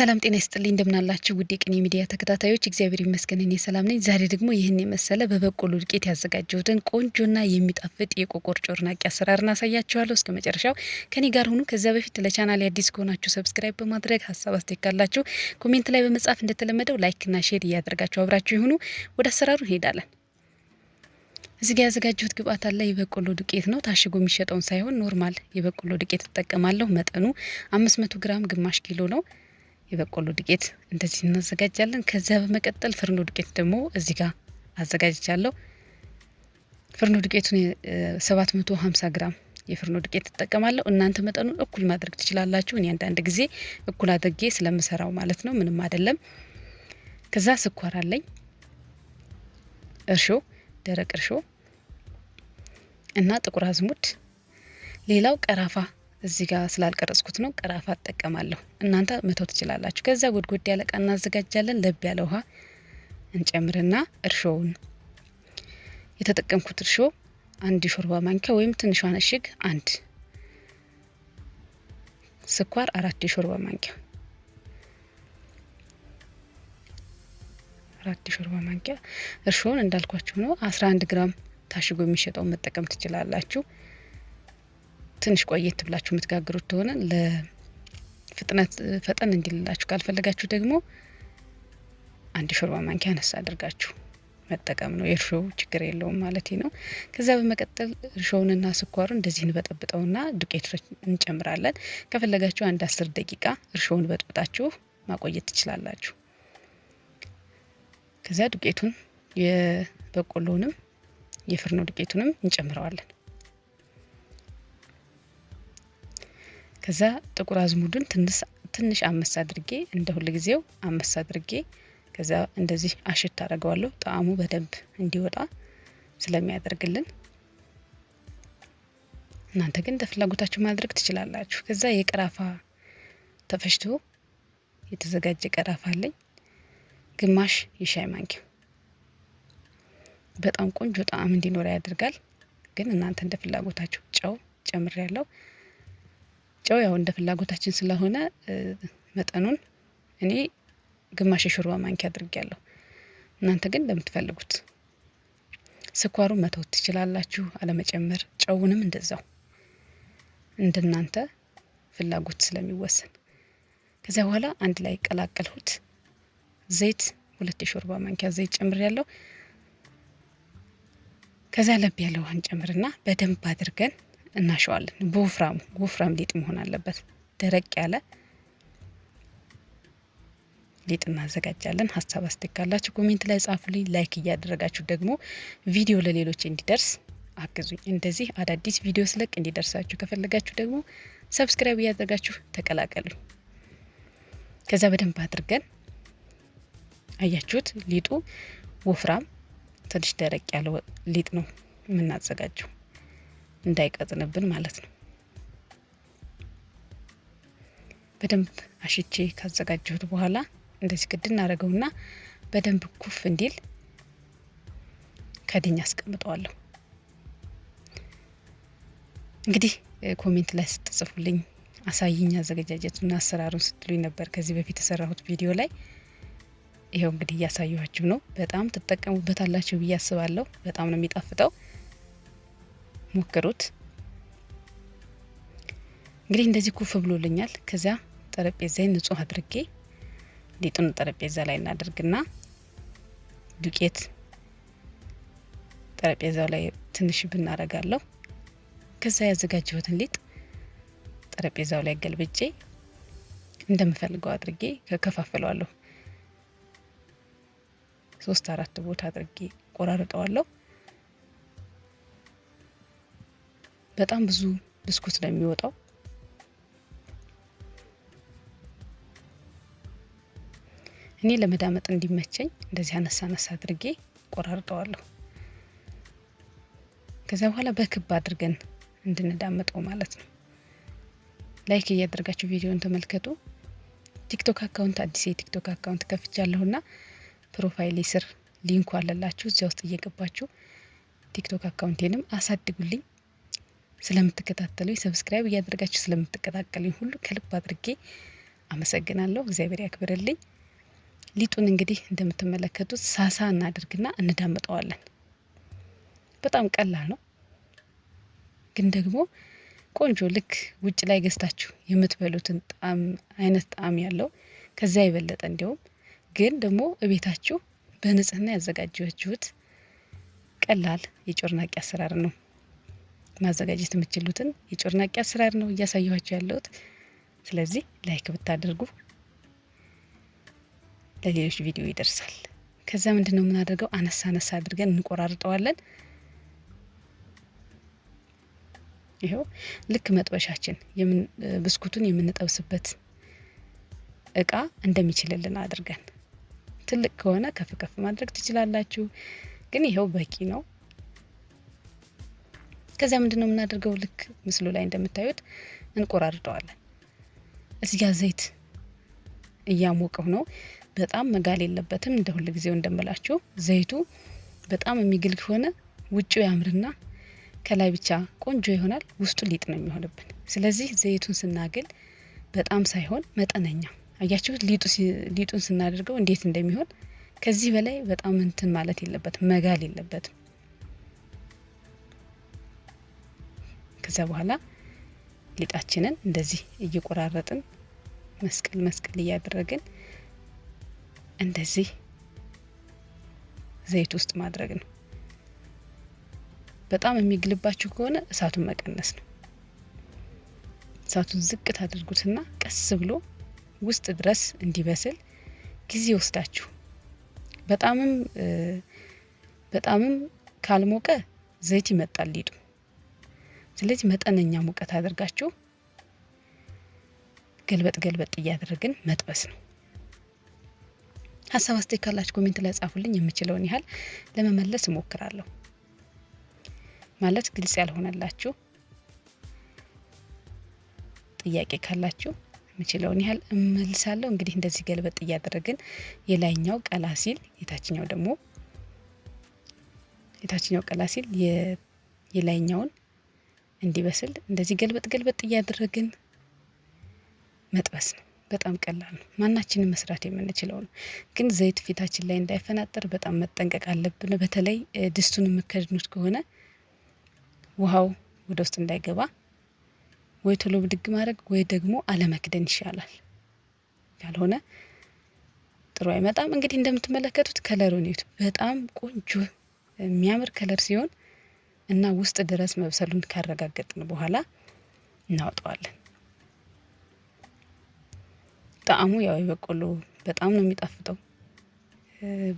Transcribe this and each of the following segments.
ሰላም ጤና ይስጥልኝ እንደምናላችሁ ውድ የቅኔ ሚዲያ ተከታታዮች፣ እግዚአብሔር ይመስገን እኔ ሰላም ነኝ። ዛሬ ደግሞ ይህን የመሰለ በበቆሎ ዱቄት ያዘጋጀሁትን ቆንጆና የሚጣፍጥ የቆቆር ጮርናቄ አሰራር እናሳያችኋለሁ። እስከ መጨረሻው ከኔ ጋር ሁኑ። ከዚያ በፊት ለቻናል አዲስ ከሆናችሁ ሰብስክራይብ በማድረግ ሀሳብ አስተካላችሁ ኮሜንት ላይ በመጻፍ እንደተለመደው ላይክና ሼር እያደረጋችሁ አብራችሁ ይሁኑ። ወደ አሰራሩ እንሄዳለን። እዚህ ጋር ያዘጋጀሁት ግብአት አለ። የበቆሎ ዱቄት ነው። ታሽጎ የሚሸጠውን ሳይሆን ኖርማል የበቆሎ ዱቄት እጠቀማለሁ። መጠኑ አምስት መቶ ግራም ግማሽ ኪሎ ነው። የበቆሎ ዱቄት እንደዚህ እናዘጋጃለን። ከዚያ በመቀጠል ፍርኖ ዱቄት ደግሞ እዚህ ጋር አዘጋጅቻለሁ። ፍርኖ ዱቄቱን 750 ግራም የፍርኖ ዱቄት ትጠቀማለሁ። እናንተ መጠኑን እኩል ማድረግ ትችላላችሁ። እኔ አንዳንድ ጊዜ እኩል አድርጌ ስለምሰራው ማለት ነው፣ ምንም አይደለም። ከዛ ስኳር አለኝ፣ እርሾ፣ ደረቅ እርሾ እና ጥቁር አዝሙድ፣ ሌላው ቀረፋ እዚህ ጋር ስላልቀረጽኩት ነው። ቀራፋ እጠቀማለሁ። እናንተ መተው ትችላላችሁ። ከዛ ጎድጎድ ያለ እቃ እናዘጋጃለን። ለብ ያለ ውሃ እንጨምርና እርሾውን የተጠቀምኩት እርሾ አንድ የሾርባ ማንኪያ ወይም ትንሿን እሽግ አንድ ስኳር አራት የሾርባ ማንኪያ አራት የሾርባ ማንኪያ እርሾውን እንዳልኳችሁ ነው። አስራ አንድ ግራም ታሽጎ የሚሸጠውን መጠቀም ትችላላችሁ። ትንሽ ቆየት ብላችሁ የምትጋግሩት ከሆነ ለፍጥነት ፈጠን እንዲልላችሁ ካልፈለጋችሁ ደግሞ አንድ ሾርባ ማንኪያ ነሳ አድርጋችሁ መጠቀም ነው። የእርሾ ችግር የለውም ማለት ነው። ከዚያ በመቀጠል እርሾውንና ስኳሩን እንደዚህ እንበጠብጠውና ዱቄት እንጨምራለን። ከፈለጋችሁ አንድ አስር ደቂቃ እርሾውን በጥብጣችሁ ማቆየት ትችላላችሁ። ከዚያ ዱቄቱን የበቆሎንም የፍርኖ ዱቄቱንም እንጨምረዋለን። ከዛ ጥቁር አዝሙድን ትንሽ አመስ አድርጌ እንደ ጊዜው አመስ አድርጌ ከዛ እንደዚህ አሽት አደርገዋለሁ። ጣዕሙ በደንብ እንዲወጣ ስለሚያደርግልን እናንተ ግን እንደፍላጎታችሁ ማድረግ ትችላላችሁ። ከዛ የቀራፋ ተፈጭቶ የተዘጋጀ ቀራፋ አለኝ፣ ግማሽ የሻይ ማንኪያ በጣም ቆንጆ ጣዕም እንዲኖር ያደርጋል። ግን እናንተ እንደ ፍላጎታችሁ ጨው ጨምር ያለው ጨው ያው እንደ ፍላጎታችን ስለሆነ መጠኑን እኔ ግማሽ የሾርባ ማንኪያ ያለሁ እናንተ ግን እንደምትፈልጉት ስኳሩን መተውት ትችላላችሁ፣ አለመጨመር ጨውንም እንደዛው እንደናንተ ፍላጎት ስለሚወሰን። ከዚያ በኋላ አንድ ላይ ቀላቀልሁት። ዘይት ሁለት የሾርባ ማንኪያ ዘይት ጨምር ያለው ከዚያ ለብ ያለ ውሃን ጨምርና በደንብ አድርገን እናሸዋለን። በወፍራሙ ወፍራም ሊጥ መሆን አለበት። ደረቅ ያለ ሊጥ እናዘጋጃለን። ሀሳብ አስደጋላችሁ ኮሜንት ላይ ጻፉልኝ። ላይክ እያደረጋችሁ ደግሞ ቪዲዮ ለሌሎች እንዲደርስ አግዙኝ። እንደዚህ አዳዲስ ቪዲዮ ስለቅ እንዲደርሳችሁ ከፈለጋችሁ ደግሞ ሰብስክራይብ እያደረጋችሁ ተቀላቀሉ። ከዛ በደንብ አድርገን አያችሁት፣ ሊጡ ወፍራም ትንሽ ደረቅ ያለ ሊጥ ነው የምናዘጋጀው። እንዳይቀጥንብን ማለት ነው። በደንብ አሽቼ ካዘጋጀሁት በኋላ እንደዚህ ክድን እናደርገውና በደንብ ኩፍ እንዲል ከድኝ አስቀምጠዋለሁ። እንግዲህ ኮሜንት ላይ ስትጽፉልኝ አሳይኝ አዘገጃጀቱና አሰራሩን ስትሉኝ ነበር ከዚህ በፊት የሰራሁት ቪዲዮ ላይ ይኸው እንግዲህ እያሳየኋችሁ ነው። በጣም ትጠቀሙበታላችሁ ብዬ አስባለሁ። በጣም ነው የሚጣፍጠው። ሞክሩት። እንግዲህ እንደዚህ ኩፍ ብሎልኛል። ከዚያ ጠረጴዛዬ ንጹህ አድርጌ ሊጡን ጠረጴዛ ላይ እናደርግና ዱቄት ጠረጴዛው ላይ ትንሽ ብናረጋለሁ። ከዛ ያዘጋጀሁትን ሊጥ ጠረጴዛው ላይ ገልብጬ እንደምፈልገው አድርጌ ከከፋፍለዋለሁ። ሶስት አራት ቦታ አድርጌ ቆራርጠዋለሁ። በጣም ብዙ ብስኩት ነው የሚወጣው። እኔ ለመዳመጥ እንዲመቸኝ እንደዚህ አነሳ አነሳ አድርጌ ቆራርጠዋለሁ። ከዚያ በኋላ በክብ አድርገን እንድንዳምጠው ማለት ነው። ላይክ እያደረጋችሁ ቪዲዮን ተመልከቱ። ቲክቶክ አካውንት አዲስ የቲክቶክ አካውንት ከፍቻለሁና ፕሮፋይሌ ስር ሊንኩ አለላችሁ። እዚያ ውስጥ እየገባችሁ ቲክቶክ አካውንቴንም አሳድጉልኝ። ስለምትከታተሉኝ፣ ሰብስክራይብ እያደረጋችሁ ስለምትከታተሉኝ ሁሉ ከልብ አድርጌ አመሰግናለሁ። እግዚአብሔር ያክብርልኝ። ሊጡን እንግዲህ እንደምትመለከቱት ሳሳ እናድርግና እንዳምጠዋለን። በጣም ቀላል ነው፣ ግን ደግሞ ቆንጆ ልክ ውጭ ላይ ገዝታችሁ የምትበሉትን ጣዕም አይነት ጣዕም ያለው ከዛ የበለጠ እንዲሁም ግን ደግሞ እቤታችሁ በንጽህና ያዘጋጃችሁት ቀላል የጮርናቂ አሰራር ነው። ማዘጋጀት የምትችሉትን የጮርናቂ አሰራር ነው እያሳየኋቸው ያለሁት። ስለዚህ ላይክ ብታደርጉ ለሌሎች ቪዲዮ ይደርሳል። ከዛ ምንድን ነው የምናደርገው? አነሳ አነሳ አድርገን እንቆራርጠዋለን። ይኸው ልክ መጥበሻችን ብስኩቱን የምንጠብስበት እቃ እንደሚችልልን አድርገን ትልቅ ከሆነ ከፍ ከፍ ማድረግ ትችላላችሁ። ግን ይኸው በቂ ነው። ከዚያ ምንድን ነው የምናደርገው? ልክ ምስሉ ላይ እንደምታዩት እንቆራርጠዋለን። እዚያ ዘይት እያሞቀው ነው። በጣም መጋል የለበትም። እንደ ሁል ጊዜው እንደምላችሁ ዘይቱ በጣም የሚግል ከሆነ ውጭው ያምርና ከላይ ብቻ ቆንጆ ይሆናል፣ ውስጡ ሊጥ ነው የሚሆንብን። ስለዚህ ዘይቱን ስናግል በጣም ሳይሆን መጠነኛ አያችሁት፣ ሊጡን ስናደርገው እንዴት እንደሚሆን ከዚህ በላይ በጣም እንትን ማለት የለበትም፣ መጋል የለበትም። ከዛ በኋላ ሊጣችንን እንደዚህ እየቆራረጥን መስቀል መስቀል እያደረግን እንደዚህ ዘይት ውስጥ ማድረግ ነው። በጣም የሚግልባችሁ ከሆነ እሳቱን መቀነስ ነው። እሳቱን ዝቅ ታደርጉትና ቀስ ብሎ ውስጥ ድረስ እንዲበስል ጊዜ ወስዳችሁ በጣምም በጣምም ካልሞቀ ዘይት ይመጣል ሊጡ። ስለዚህ መጠነኛ ሙቀት አድርጋችሁ ገልበጥ ገልበጥ እያደረግን መጥበስ ነው። ሀሳብ አስተያየት ካላችሁ ኮሜንት ላይ ጻፉልኝ። የምችለውን ያህል ለመመለስ እሞክራለሁ። ማለት ግልጽ ያልሆነላችሁ ጥያቄ ካላችሁ የምችለውን ያህል እመልሳለሁ። እንግዲህ እንደዚህ ገልበጥ እያደረግን የላይኛው ቀላ ሲል የታችኛው ደግሞ የታችኛው ቀላ ሲል የላይኛውን እንዲበስል እንደዚህ ገልበጥ ገልበጥ እያደረግን መጥበስ ነው። በጣም ቀላል ነው። ማናችንም መስራት የምንችለው ነው። ግን ዘይት ፊታችን ላይ እንዳይፈናጠር በጣም መጠንቀቅ አለብን። በተለይ ድስቱን የምከድኑት ከሆነ ውሃው ወደ ውስጥ እንዳይገባ ወይ ቶሎ ብድግ ማድረግ ወይ ደግሞ አለመክደን ይሻላል። ያልሆነ ጥሩ አይመጣም። እንግዲህ እንደምትመለከቱት ከለሩን እዩት። በጣም ቆንጆ የሚያምር ከለር ሲሆን እና ውስጥ ድረስ መብሰሉን ካረጋገጥን በኋላ እናወጣዋለን። ጣዕሙ ያው የበቆሎ በጣም ነው የሚጣፍጠው።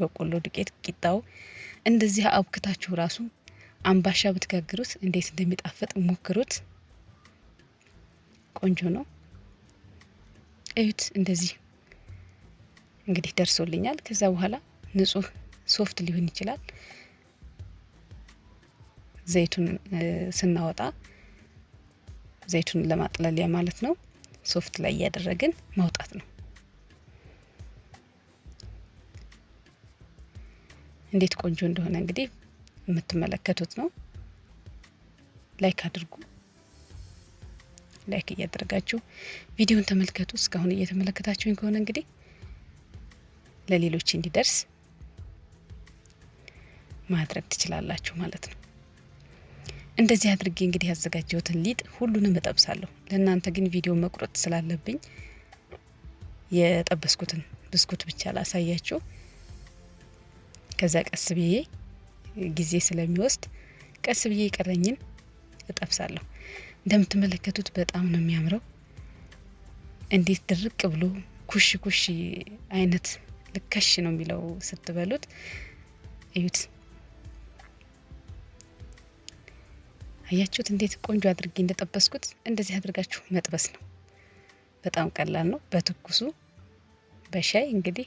በቆሎ ዱቄት ቂጣው እንደዚህ አብክታችሁ ራሱ አምባሻ ብትጋግሩት እንዴት እንደሚጣፍጥ ሞክሩት። ቆንጆ ነው። እዩት። እንደዚህ እንግዲህ ደርሶልኛል። ከዛ በኋላ ንጹህ ሶፍት ሊሆን ይችላል ዘይቱን ስናወጣ ዘይቱን ለማጥለሊያ ማለት ነው። ሶፍት ላይ እያደረግን ማውጣት ነው። እንዴት ቆንጆ እንደሆነ እንግዲህ የምትመለከቱት ነው። ላይክ አድርጉ። ላይክ እያደረጋችሁ ቪዲዮን ተመልከቱ። እስካሁን እየተመለከታችሁኝ ከሆነ እንግዲህ ለሌሎች እንዲደርስ ማድረግ ትችላላችሁ ማለት ነው። እንደዚህ አድርጌ እንግዲህ ያዘጋጀሁትን ሊጥ ሁሉንም እጠብሳለሁ። ለእናንተ ግን ቪዲዮ መቁረጥ ስላለብኝ የጠበስኩትን ብስኩት ብቻ ላሳያችሁ። ከዛ ቀስ ብዬ ጊዜ ስለሚወስድ ቀስ ብዬ የቀረኝን እጠብሳለሁ። እንደምትመለከቱት በጣም ነው የሚያምረው። እንዴት ድርቅ ብሎ ኩሽ ኩሽ አይነት ልከሽ ነው የሚለው ስትበሉት እዩት። አያችሁት እንዴት ቆንጆ አድርጌ እንደጠበስኩት። እንደዚህ አድርጋችሁ መጥበስ ነው። በጣም ቀላል ነው። በትኩሱ በሻይ እንግዲህ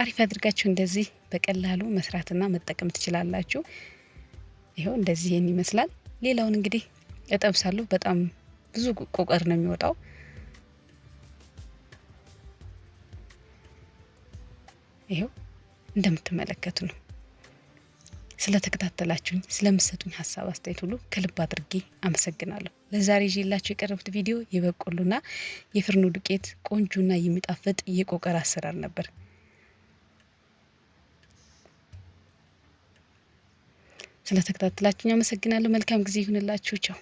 አሪፍ አድርጋችሁ እንደዚህ በቀላሉ መስራትና መጠቀም ትችላላችሁ። ይኸው እንደዚህ ይህን ይመስላል። ሌላውን እንግዲህ እጠብሳለሁ። በጣም ብዙ ቁቀር ነው የሚወጣው። ይኸው እንደምትመለከቱ ነው። ስለተከታተላችሁኝ ስለምሰጡኝ ሀሳብ አስተያየት ሁሉ ከልብ አድርጌ አመሰግናለሁ። ለዛሬ ይዤላችሁ የቀረቡት ቪዲዮ የበቆሎና የፍርኖ ዱቄት ቆንጆና የሚጣፍጥ የቆቀር አሰራር ነበር። ስለተከታተላችሁኝ አመሰግናለሁ። መልካም ጊዜ ይሁንላችሁ። ቻው